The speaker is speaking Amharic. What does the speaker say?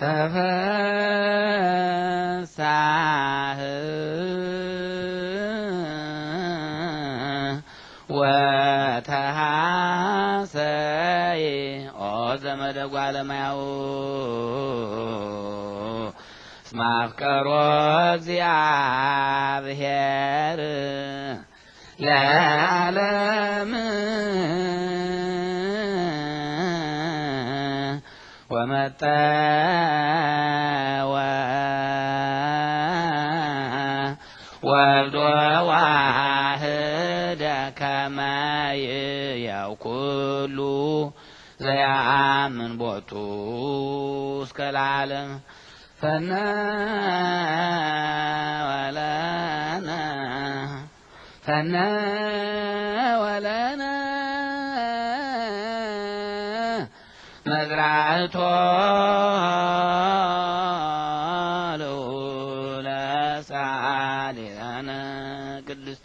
ተፈሳህ ወተሃሰይ ኦ ዘመደ ጓለማያው ስማፍቀሮ እግዚአብሔር ለዓለም ወመጠወ ወልዶ ዋህደ ከማይያው ኩሉ ዘያምን ቦቱ እስከ ለዓለም ፈነወለነ ፈነወለነ መዝራእቶ ልዑለ ቅዱስ